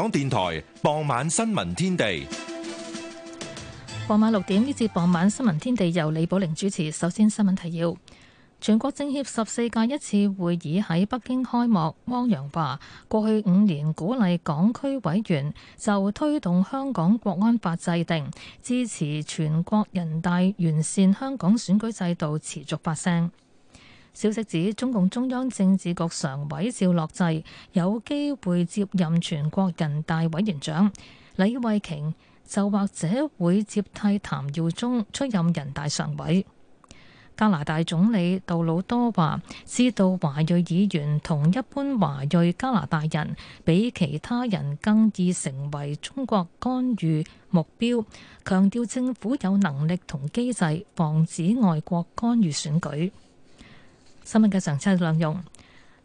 香港電台傍晚新聞天地，傍晚六點呢節傍晚新聞天地由李寶玲主持。首先，新聞提要：全國政協十四屆一次會議喺北京開幕。汪洋話，過去五年鼓勵港區委員就推動香港國安法制定、支持全國人大完善香港選舉制度，持續發聲。消息指，中共中央政治局常委趙樂際有機會接任全國人大委員長，李慧瓊就或者會接替譚耀宗出任人大常委。加拿大總理杜魯多話，知道華裔議員同一般華裔加拿大人比其他人更易成為中國干預目標，強調政府有能力同機制防止外國干預選舉。新聞嘅詳細兩用，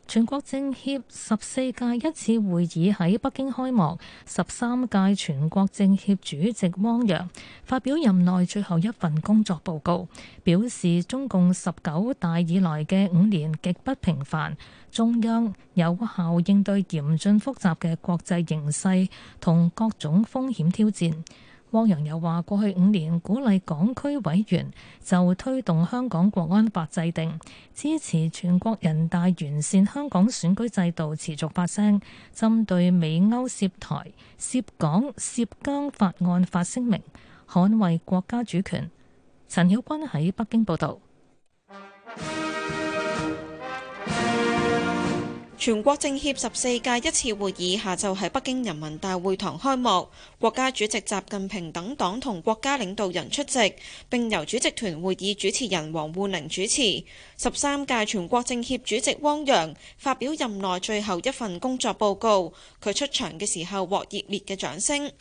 全國政協十四屆一次會議喺北京開幕。十三屆全國政協主席汪洋發表任內最後一份工作報告，表示中共十九大以來嘅五年極不平凡，中央有效應對嚴峻複雜嘅國際形勢同各種風險挑戰。汪洋又話：過去五年，鼓勵港區委員就推動香港國安法制定，支持全國人大完善香港選舉制度，持續發聲，針對美歐涉台、涉港、涉疆法案發聲明，捍衛國家主權。陳曉君喺北京報導。全國政協十四屆一次會議下晝喺北京人民大會堂開幕，國家主席習近平等黨同國家領導人出席，並由主席團會議主持人王滬寧主持。十三屆全國政協主席汪洋發表任內最後一份工作報告，佢出場嘅時候獲熱烈嘅掌聲。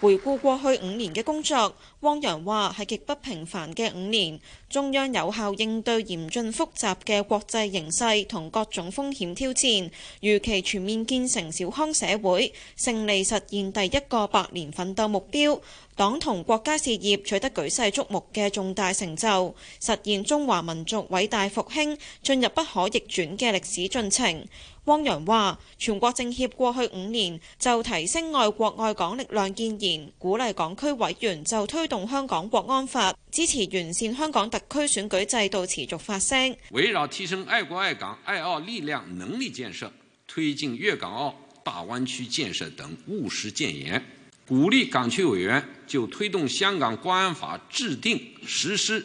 回顧過去五年嘅工作。汪洋話：係極不平凡嘅五年，中央有效應對嚴峻複雜嘅國際形勢同各種風險挑戰，如期全面建成小康社會，勝利實現第一個百年奮鬥目標，黨同國家事業取得舉世矚目嘅重大成就，實現中華民族偉大復興進入不可逆轉嘅歷史進程。汪洋話：全國政協過去五年就提升愛國愛港力量建言，鼓勵港區委員就推動香港國安法，支持完善香港特區選舉制度，持續發聲；圍繞提升愛國愛港愛澳力量能力建設，推進粵港澳大灣區建設等務實建言，鼓勵港區委員就推動香港國安法制定實施。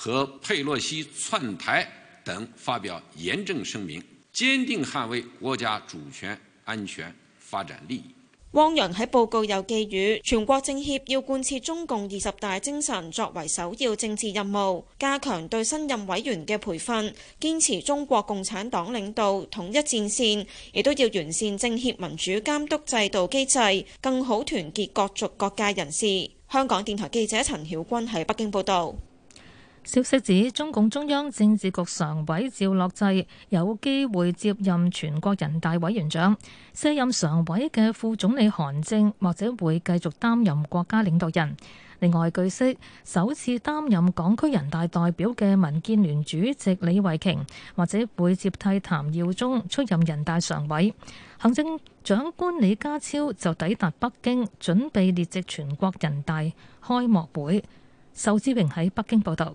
和佩洛西竄台等發表嚴正聲明，堅定捍衛國家主權、安全、發展利益。汪洋喺報告又寄語，全國政協要貫徹中共二十大精神作為首要政治任務，加強對新任委員嘅培訓，堅持中國共產黨領導、統一戰線，亦都要完善政協民主監督制度機制，更好團結各族各界人士。香港電台記者陳曉君喺北京報道。消息指，中共中央政治局常委趙樂際有機會接任全國人大委員長，卸任常委嘅副總理韓正或者會繼續擔任國家領導人。另外據悉，首次擔任港區人大代表嘅民建聯主席李慧瓊或者會接替譚耀宗出任人大常委。行政長官李家超就抵達北京，準備列席全國人大開幕會。仇志榮喺北京報道。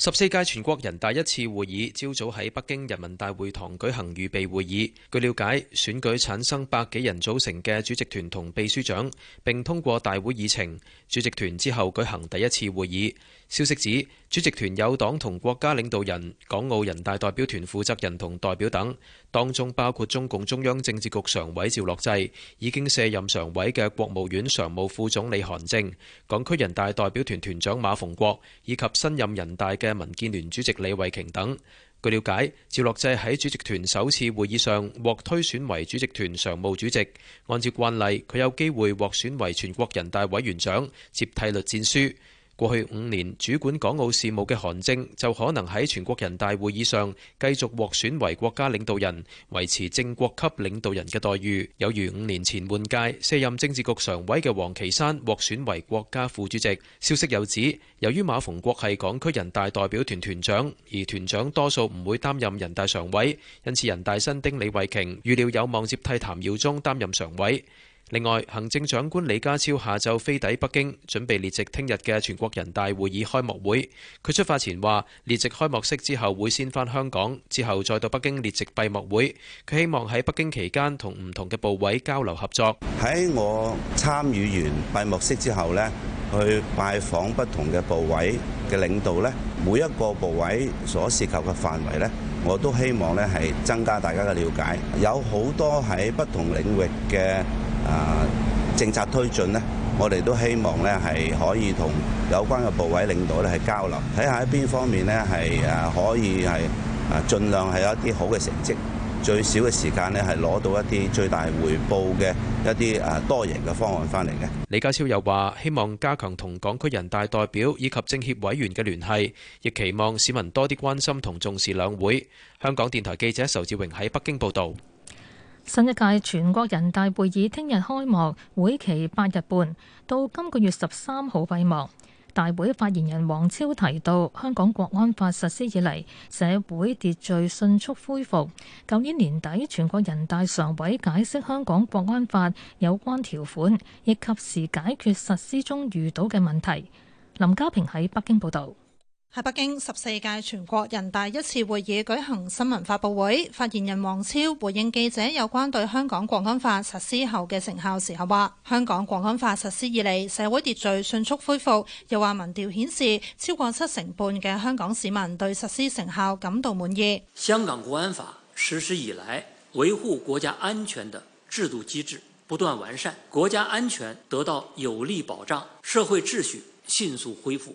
十四屆全國人大一次會議朝早喺北京人民大會堂舉行預備會議。據了解，選舉產生百幾人組成嘅主席團同秘書長，並通過大會議程。主席團之後舉行第一次會議。消息指，主席團有黨同國家領導人、港澳人大代表團負責人同代表等，當中包括中共中央政治局常委趙樂際，已經卸任常委嘅國務院常務副總理韓正，港區人大代表團團長馬逢國，以及新任人大嘅民建聯主席李慧瓊等。據了解，趙樂際喺主席團首次會議上獲推選為主席團常務主席，按照慣例，佢有機會獲選為全國人大委員長，接替栗戰書。過去五年主管港澳事務嘅韓正，就可能喺全國人大會議上繼續獲選為國家領導人，維持正國級領導人嘅待遇。有如五年前換屆卸任政治局常委嘅王岐山獲選為國家副主席。消息又指，由於馬逢國係港區人大代表團團長，而團長多數唔會擔任人大常委，因此人大新丁李慧瓊預料有望接替譚耀宗擔任常委。另外，行政長官李家超下晝飛抵北京，準備列席聽日嘅全國人大會議開幕會。佢出發前話：列席開幕式之後，會先返香港，之後再到北京列席閉幕會。佢希望喺北京期間同唔同嘅部委交流合作。喺我參與完閉幕式之後呢，去拜訪不同嘅部委嘅領導呢，每一個部委所涉及嘅範圍呢。我都希望咧係增加大家嘅了解，有好多喺不同領域嘅啊政策推進咧，我哋都希望咧係可以同有關嘅部委領導咧係交流，睇下喺邊方面咧係誒可以係誒盡量係有一啲好嘅成績。最少嘅時間咧，係攞到一啲最大回報嘅一啲多贏嘅方案翻嚟嘅。李家超又話：希望加強同港區人大代表以及政協委員嘅聯繫，亦期望市民多啲關心同重視兩會。香港電台記者仇志榮喺北京報導。新一屆全國人大會議聽日開幕，會期八日半，到今個月十三號閉幕。大會發言人王超提到，香港國安法實施以嚟，社會秩序迅速恢復。舊年年底，全國人大常委解釋香港國安法有關條款，亦及時解決實施中遇到嘅問題。林家平喺北京報道。喺北京十四屆全國人大一次會議舉行新聞發佈會，發言人王超回應記者有關對香港國安法實施後嘅成效時候話：香港國安法實施以嚟，社會秩序迅速恢復。又話民調顯示，超過七成半嘅香港市民對實施成效感到滿意。香港國安法實施以來，維護國家安全的制度機制不斷完善，國家安全得到有力保障，社會秩序迅速恢復。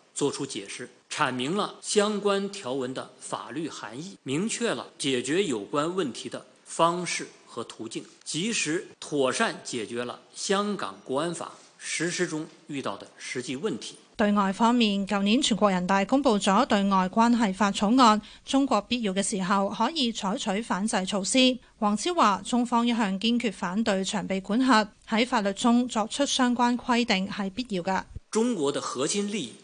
作出解釋，闡明了相關條文的法律含義，明確了解決有關問題的方式和途徑，及時妥善解決了香港國安法實施中遇到的實際問題。對外方面，舊年全國人大公布咗對外關係法草案，中國必要嘅時候可以採取反制措施。王超話，中方一向堅決反對長臂管轄，喺法律中作出相關規定係必要嘅。中國的核心利益。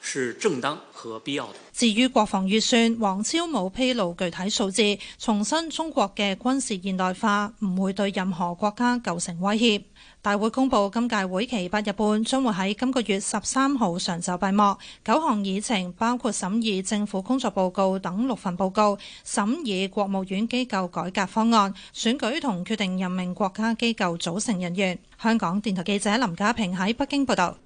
是正當和必要的。至於國防預算，王超冇披露具體數字，重申中國嘅軍事現代化唔會對任何國家構成威脅。大會公布今屆會期八日半，將會喺今個月十三號上晝閉幕。九項議程包括審議政府工作報告等六份報告，審議國務院機構改革方案，選舉同決定任命國家機構組成人員。香港電台記者林家平喺北京報道。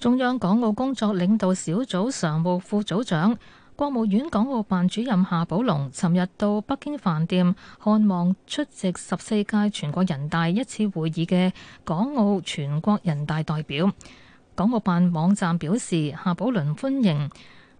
中央港澳工作領導小組常務副組長、國務院港澳辦主任夏寶龍尋日到北京飯店看望出席十四屆全國人大一次會議嘅港澳全國人大代表。港澳辦網站表示，夏寶龍歡迎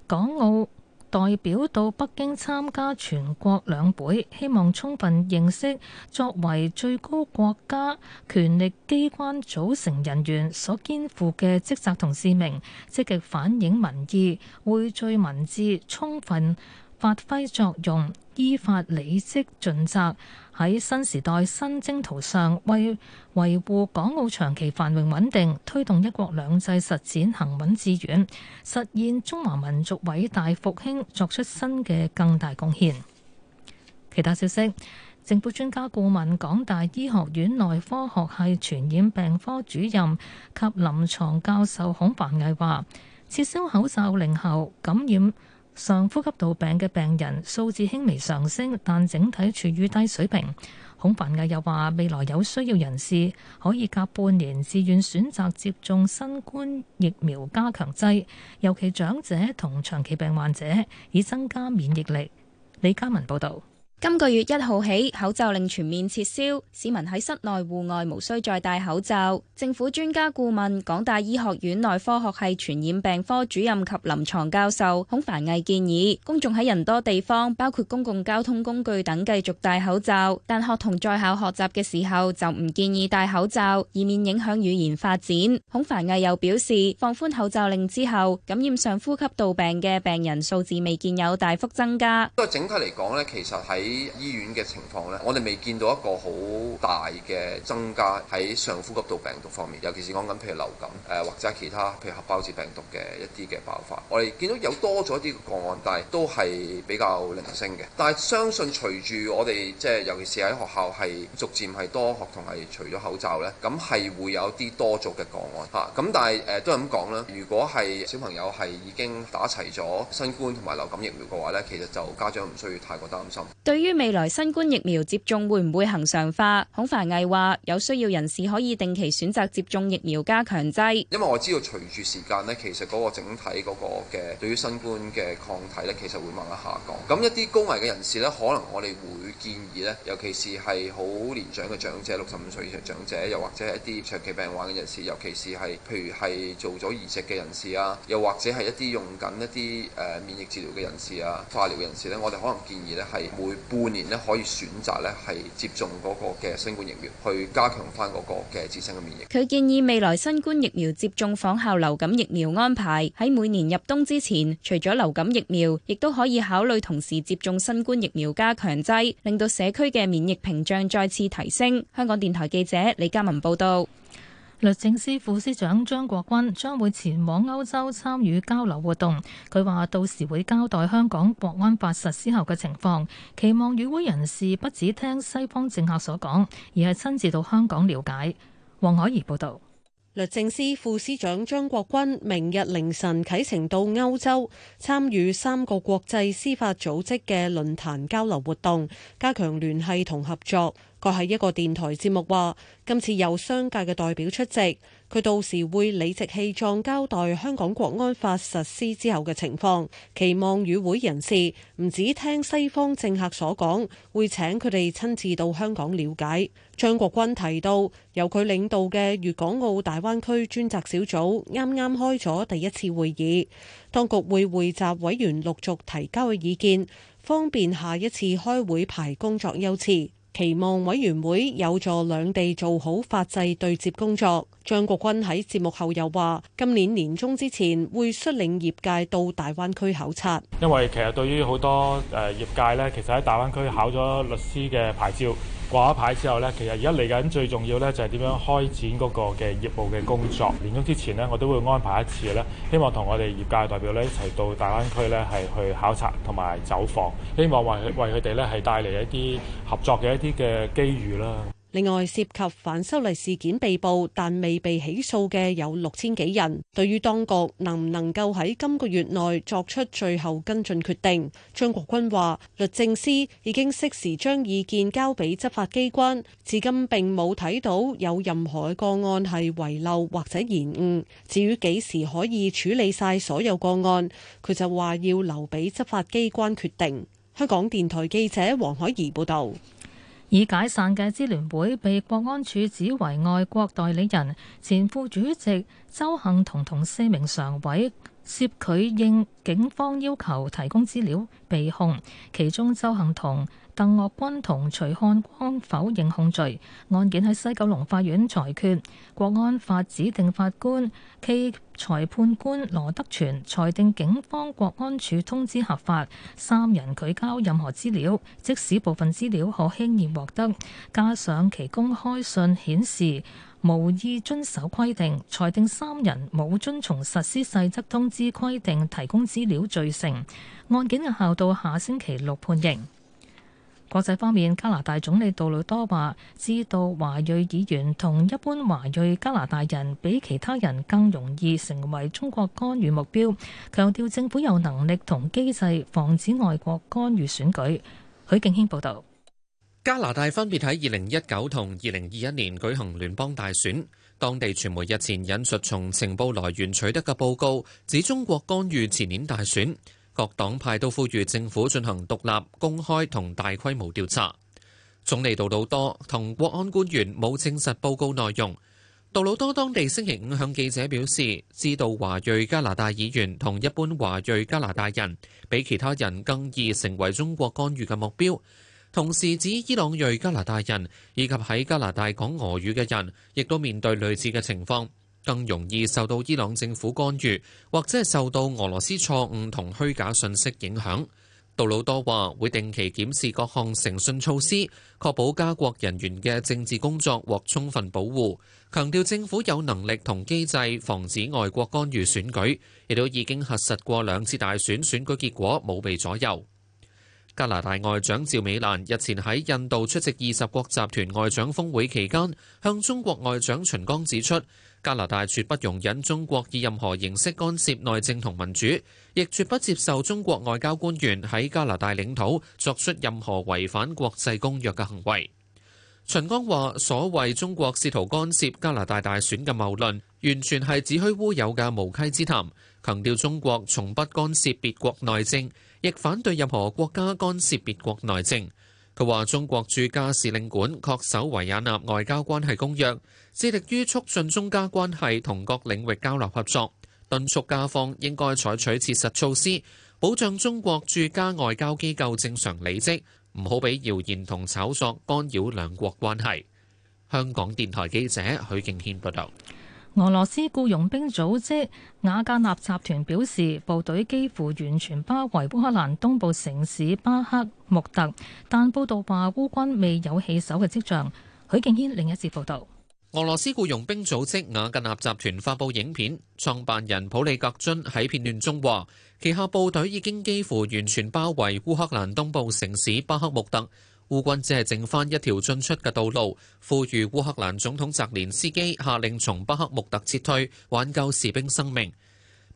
港澳。代表到北京參加全國兩會，希望充分認識作為最高國家權力機關組成人員所肩負嘅職責同使命，積極反映民意，匯聚民智，充分，發揮作用，依法履職盡責，喺新時代新征途上，為維護港澳長期繁榮穩定、推動一國兩制實踐行穩致遠、實現中華民族偉大復興作出新嘅更大貢獻。其他消息，政府專家顧問、港大醫學院內科學系傳染病科主任及臨床教授孔繁毅話，撤銷口罩令後，感染。上呼吸道病嘅病人數字輕微上升，但整體處於低水平。孔繁毅又話未來有需要人士可以隔半年自願選擇接種新冠疫苗加強劑，尤其長者同長期病患者，以增加免疫力。李嘉文報道。今個月一號起，口罩令全面撤銷，市民喺室內、戶外無需再戴口罩。政府專家顧問、港大醫學院內科學系傳染病科主任及臨床教授孔繁毅建議，公眾喺人多地方，包括公共交通工具等，繼續戴口罩；但學童在校學習嘅時候就唔建議戴口罩，以免影響語言發展。孔繁毅又表示，放寬口罩令之後，感染上呼吸道病嘅病人數字未見有大幅增加。不過，整體嚟講呢，其實係。喺醫院嘅情況呢，我哋未見到一個好大嘅增加喺上呼吸道病毒方面，尤其是講緊譬如流感誒，或者其他譬如合胞病毒嘅一啲嘅爆發。我哋見到有多咗啲個案，但係都係比較零星嘅。但係相信隨住我哋即係尤其是喺學校係逐漸係多學童係除咗口罩呢，咁係會有啲多咗嘅個案嚇。咁但係都係咁講啦，如果係小朋友係已經打齊咗新冠同埋流感疫苗嘅話呢，其實就家長唔需要太過擔心。對。於未來新冠疫苗接種會唔會恆常化？孔凡毅話：有需要人士可以定期選擇接種疫苗加強劑。因為我知道隨住時間呢，其實嗰個整體嗰個嘅對於新冠嘅抗體呢，其實會慢慢下降。咁一啲高危嘅人士呢，可能我哋會建議呢，尤其是係好年長嘅長者，六十五歲以上的長者，又或者係一啲長期病患嘅人士，尤其是係譬如係做咗移植嘅人士啊，又或者係一啲用緊一啲誒免疫治療嘅人士啊，化療嘅人士呢，我哋可能建議呢係每。半年呢，可以選擇呢係接種嗰個嘅新冠疫苗，去加強翻嗰個嘅自身嘅免疫。佢建議未來新冠疫苗接種仿效流感疫苗安排，喺每年入冬之前，除咗流感疫苗，亦都可以考慮同時接種新冠疫苗加強劑，令到社區嘅免疫屏障再次提升。香港電台記者李嘉文報道。律政司副司長張國軍將會前往歐洲參與交流活動。佢話到時會交代香港國安法實施後嘅情況，期望與會人士不止聽西方政客所講，而係親自到香港了解。王海怡報道。律政司副司長張國軍明日凌晨啟程到歐洲參與三個國際司法組織嘅論壇交流活動，加強聯繫同合作。佢喺一個電台節目話，今次有商界嘅代表出席。佢到時會理直氣壯交代香港國安法實施之後嘅情況，期望與會人士唔止聽西方政客所講，會請佢哋親自到香港了解。張國鈞提到，由佢領導嘅粵港澳大灣區專責小組啱啱開咗第一次會議，當局會會集委員陸續提交嘅意見，方便下一次開會排工作優次。期望委員會有助兩地做好法制對接工作。張國軍喺節目後又話：今年年中之前會率領業界到大灣區考察。因為其實對於好多誒業界咧，其實喺大灣區考咗律師嘅牌照。掛咗牌之後呢，其實而家嚟緊最重要呢，就係點樣開展嗰個嘅業務嘅工作。年終之前呢，我都會安排一次呢，希望同我哋業界代表呢，一齊到大灣區呢，係去考察同埋走訪，希望為佢為佢哋呢，係帶嚟一啲合作嘅一啲嘅機遇啦。另外，涉及反修例事件被捕但未被起訴嘅有六千幾人。對於當局能唔能夠喺今個月內作出最後跟進決定，張國鈞話律政司已經適時將意見交俾執法機關，至今並冇睇到有任何個案係遺漏或者延誤，至於幾時可以處理晒所有個案，佢就話要留俾執法機關決定。香港電台記者黃海怡報道。已解散嘅支聯會被國安處指為外國代理人，前副主席周幸彤同四名常委涉拒應警方要求提供資料，被控。其中周幸彤、鄧岳君同徐漢光否認控罪，案件喺西九龍法院裁決。國安法指定法官暨裁判官羅德全裁定，警方國安處通知合法，三人拒交任何資料，即使部分資料可輕易獲得。加上其公開信顯示無意遵守規定，裁定三人冇遵從實施細則通知規定提供資料，罪成。案件押後到下星期六判刑。國際方面，加拿大總理杜魯多話：知道華裔議員同一般華裔加拿大人比其他人更容易成為中國干預目標，強調政府有能力同機制防止外國干預選舉。許敬軒報道，加拿大分別喺二零一九同二零二一年舉行聯邦大選，當地傳媒日前引述從情報來源取得嘅報告，指中國干預前年大選。各黨派都呼籲政府進行獨立、公開同大規模調查。總理杜魯多同國安官員冇證實報告內容。杜魯多當地星期五向記者表示，知道華裔加拿大議員同一般華裔加拿大人比其他人更易成為中國干預嘅目標。同時指伊朗裔加拿大人以及喺加拿大講俄語嘅人，亦都面對類似嘅情況。更容易受到伊朗政府干預，或者受到俄羅斯錯誤同虛假信息影響。杜魯多話會定期檢視各項誠信措施，確保加國人員嘅政治工作獲充分保護，強調政府有能力同機制防止外國干預選舉，亦都已經核實過兩次大選選舉結果冇被左右。加拿大外長趙美蘭日前喺印度出席二十國集團外長峰會期間，向中國外長秦剛指出。加拿大絕不容忍中國以任何形式干涉內政同民主，亦絕不接受中國外交官員喺加拿大領土作出任何違反國際公約嘅行為。秦剛話，所謂中國試圖干涉加拿大大選嘅謬論，完全係子虛烏有嘅無稽之談，強調中國從不干涉別國內政，亦反對任何國家干涉別國內政。佢話：中國駐加使領館恪守維也納外交關係公約，致力於促進中加關係同各領域交流合作。敦促加方應該採取切實措施，保障中國駐加外交機構正常履職，唔好俾謠言同炒作干擾兩國關係。香港電台記者許敬軒報導。俄羅斯僱傭兵組織瓦格納集團表示，部隊幾乎完全包圍烏克蘭東部城市巴克穆特，但報道話烏軍未有棄守嘅跡象。許敬軒另一次報道，俄羅斯僱傭兵組織瓦格納集團發布影片，創辦人普里格津喺片段中話，旗下部隊已經幾乎完全包圍烏克蘭東部城市巴克穆特。烏軍只係剩翻一條進出嘅道路，呼籲烏克蘭總統澤連斯基下令從巴克穆特撤退，挽救士兵生命。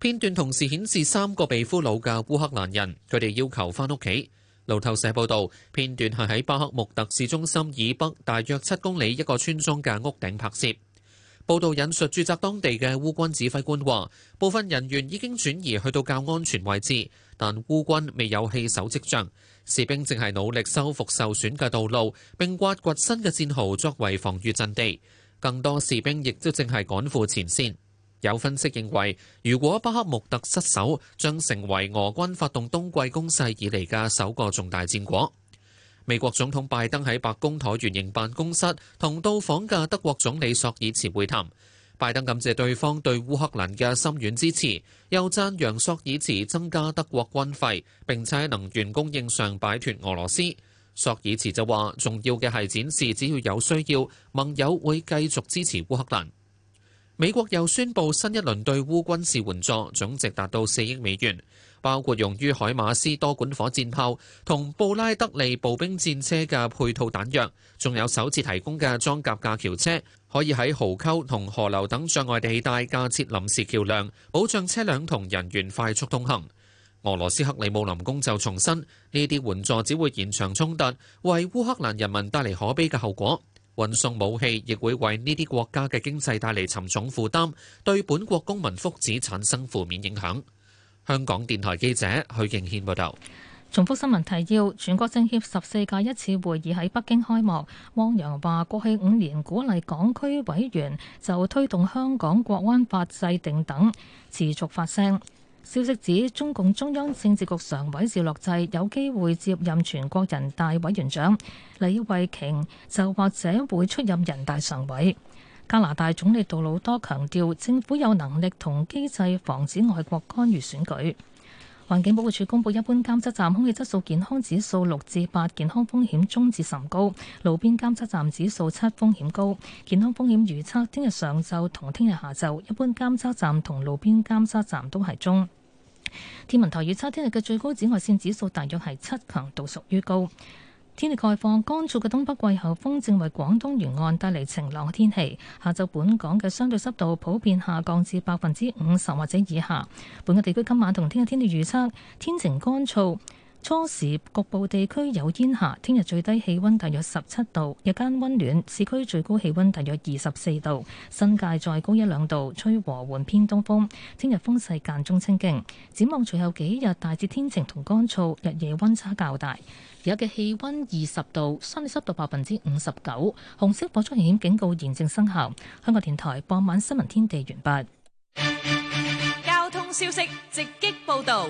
片段同時顯示三個被俘虜嘅烏克蘭人，佢哋要求翻屋企。路透社報道，片段係喺巴克穆特市中心以北大約七公里一個村莊嘅屋頂拍攝。報道引述駐紮當地嘅烏軍指揮官話：部分人員已經轉移去到較安全位置，但烏軍未有棄守跡象。士兵正係努力修復受損嘅道路，並挖掘新嘅戰壕作為防禦陣地。更多士兵亦都正係趕赴前線。有分析認為，如果巴克穆特失守，將成為俄軍發動冬季攻勢以嚟嘅首個重大戰果。美國總統拜登喺白宮橢圓形辦公室同到訪嘅德國總理索爾茨會談，拜登感謝對方對烏克蘭嘅深遠支持，又讚揚索爾茨增加德國軍費，並且喺能源供應上擺脫俄羅斯。索爾茨就話，重要嘅係展示只要有需要，盟友會繼續支持烏克蘭。美國又宣布新一輪對烏軍事援助，總值達到四億美元。包括用於海馬斯多管火箭炮同布拉德利步兵戰車嘅配套彈藥，仲有首次提供嘅裝甲架橋車，可以喺壕溝同河流等障礙地帶架設臨時橋樑，保障車輛同人員快速通行。俄羅斯克里姆林宮就重申，呢啲援助只會延長衝突，為烏克蘭人民帶嚟可悲嘅後果。運送武器亦會為呢啲國家嘅經濟帶嚟沉重負擔，對本國公民福祉產生負面影響。香港電臺記者許敬軒報道：重複新聞提要，全國政協十四屆一次會議喺北京開幕。汪洋話過去五年鼓勵港區委員就推動香港國安法制定等持續發聲。消息指，中共中央政治局常委趙樂際有機會接任全國人大委員長，李慧瓊就或者會出任人大常委。加拿大總理杜魯多強調，政府有能力同機制防止外國干預選舉。環境保護署公布，一般監測站空氣質素健康指數六至八，健康風險中至甚高；路邊監測站指數七，風險高。健康風險預測，聽日上晝同聽日下晝，一般監測站同路邊監測站都係中。天文台預測，聽日嘅最高紫外線指數大約係七強度，屬於高。天氣概況，乾燥嘅東北季候風正為廣東沿岸帶嚟晴朗嘅天氣。下晝本港嘅相對濕度普遍下降至百分之五十或者以下。本個地區今晚同聽日天氣預測，天晴乾燥。初時局部地區有煙霞，聽日最低氣温大約十七度，日間温暖，市區最高氣温大約二十四度，新界再高一兩度，吹和緩偏東風，聽日風勢間中清勁。展望隨後幾日，大致天晴同乾燥，日夜温差較大。而家嘅氣温二十度，相對濕度百分之五十九，紅色火災危險警告現正生效。香港電台傍晚新聞天地完畢。交通消息直擊報道。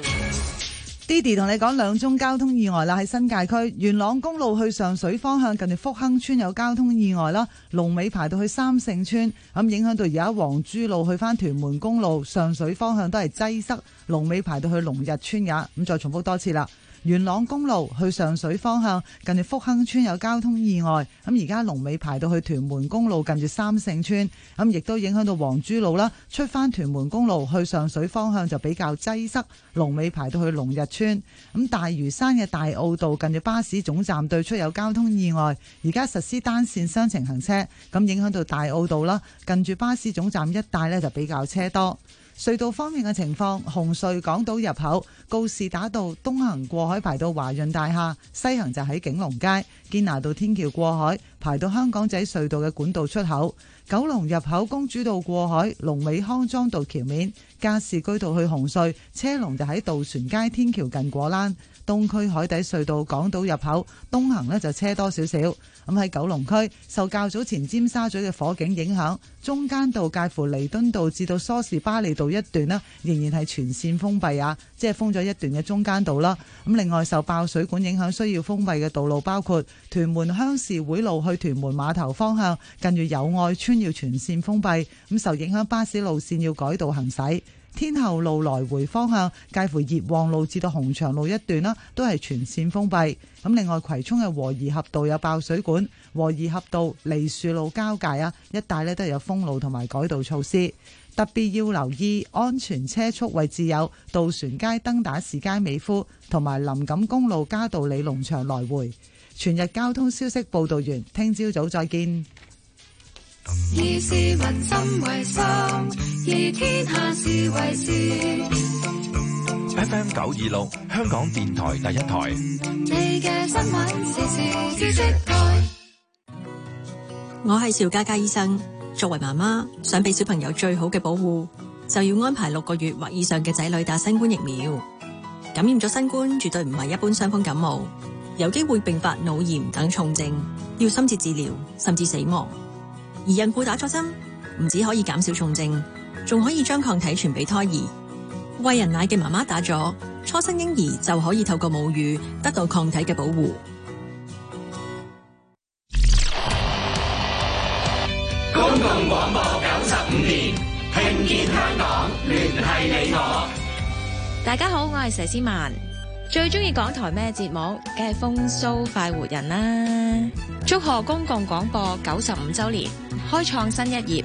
Didi 同你講兩宗交通意外啦，喺新界區元朗公路去上水方向，近住福亨村有交通意外啦，龍尾排到去三聖村，咁影響到而家黃珠路去翻屯門公路上水方向都係擠塞，龍尾排到去龍日村也，咁再重複多次啦。元朗公路去上水方向，近住福亨村有交通意外，咁而家龍尾排，排，排到去屯門公路近住三聖村，咁亦都影響到黃珠路啦，出翻屯門公路去上水方向就比較擠塞，龍尾排到去龍日村，咁大嶼山嘅大澳道近住巴士總站對出有交通意外，而家實施單線雙程行車，咁影響到大澳道啦。近住巴士總站一帶呢就比較車多。隧道方面嘅情況，紅隧港島入口告士打道東行過海排到華潤大廈，西行就喺景隆街堅拿道天橋過海排到香港仔隧道嘅管道出口。九龍入口公主道過海，龍尾康莊道橋面，加士居道去紅隧，車龍就喺渡船街天橋近果欄。東區海底隧道港島入口東行呢就車多少少，咁喺九龍區受較早前尖沙咀嘅火警影響，中間道介乎彌敦道至到梳士巴利道一段呢，仍然係全線封閉啊，即係封咗一段嘅中間道啦。咁另外受爆水管影響需要封閉嘅道路包括屯門鄉事會路去屯門碼頭方向，近住友愛村要全線封閉。咁受影響巴士路線要改道行駛。.天后路來回方向，介乎熱旺路至到紅牆路一段啦，都係全線封閉。咁另外葵涌嘅和宜合道有爆水管，和宜合道梨樹路交界啊一帶呢都有封路同埋改道措施。特別要留意安全車速位置有渡船街、街美、登打士街、美孚同埋林錦公路嘉道理農場來回。全日交通消息報道完，聽朝早再見。以以天下 F M 九二六，香港電台第一台。是台我係邵嘉嘉醫生。作為媽媽，想俾小朋友最好嘅保護，就要安排六個月或以上嘅仔女打新冠疫苗。感染咗新冠，絕對唔係一般傷風感冒，有機會併發腦炎等重症，要深切治療，甚至死亡。而孕婦打咗針，唔止可以減少重症。仲可以將抗體傳俾胎兒，餵人奶嘅媽媽打咗，初生嬰兒就可以透過母乳得到抗體嘅保護。公共廣播九十五年聽見香港，聯繫你我。大家好，我係佘詩曼，最中意港台咩節目？梗係《風騷快活人》啦！祝賀公共廣播九十五週年，開創新一頁。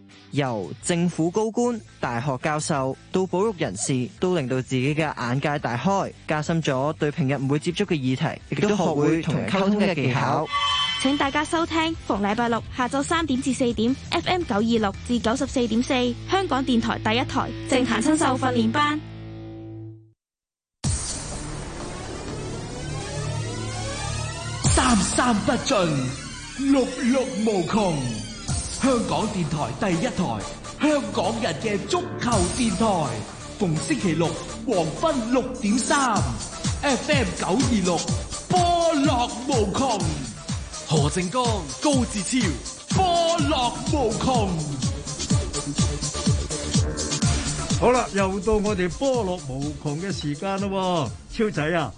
由政府高官、大學教授到保育人士，都令到自己嘅眼界大開，加深咗對平日唔會接觸嘅議題，亦都學會同人溝通嘅技巧。請大家收聽逢禮拜六下晝三點至四點，FM 九二六至九十四點四，香港電台第一台政壇新秀訓練班。三三不盡，六六無窮。香港電台第一台，香港人嘅足球電台，逢星期六黃昏六點三，FM 九二六，波樂無窮，何正剛、高志超，波樂無窮。好啦，又到我哋波樂無窮嘅時間啦，超仔啊！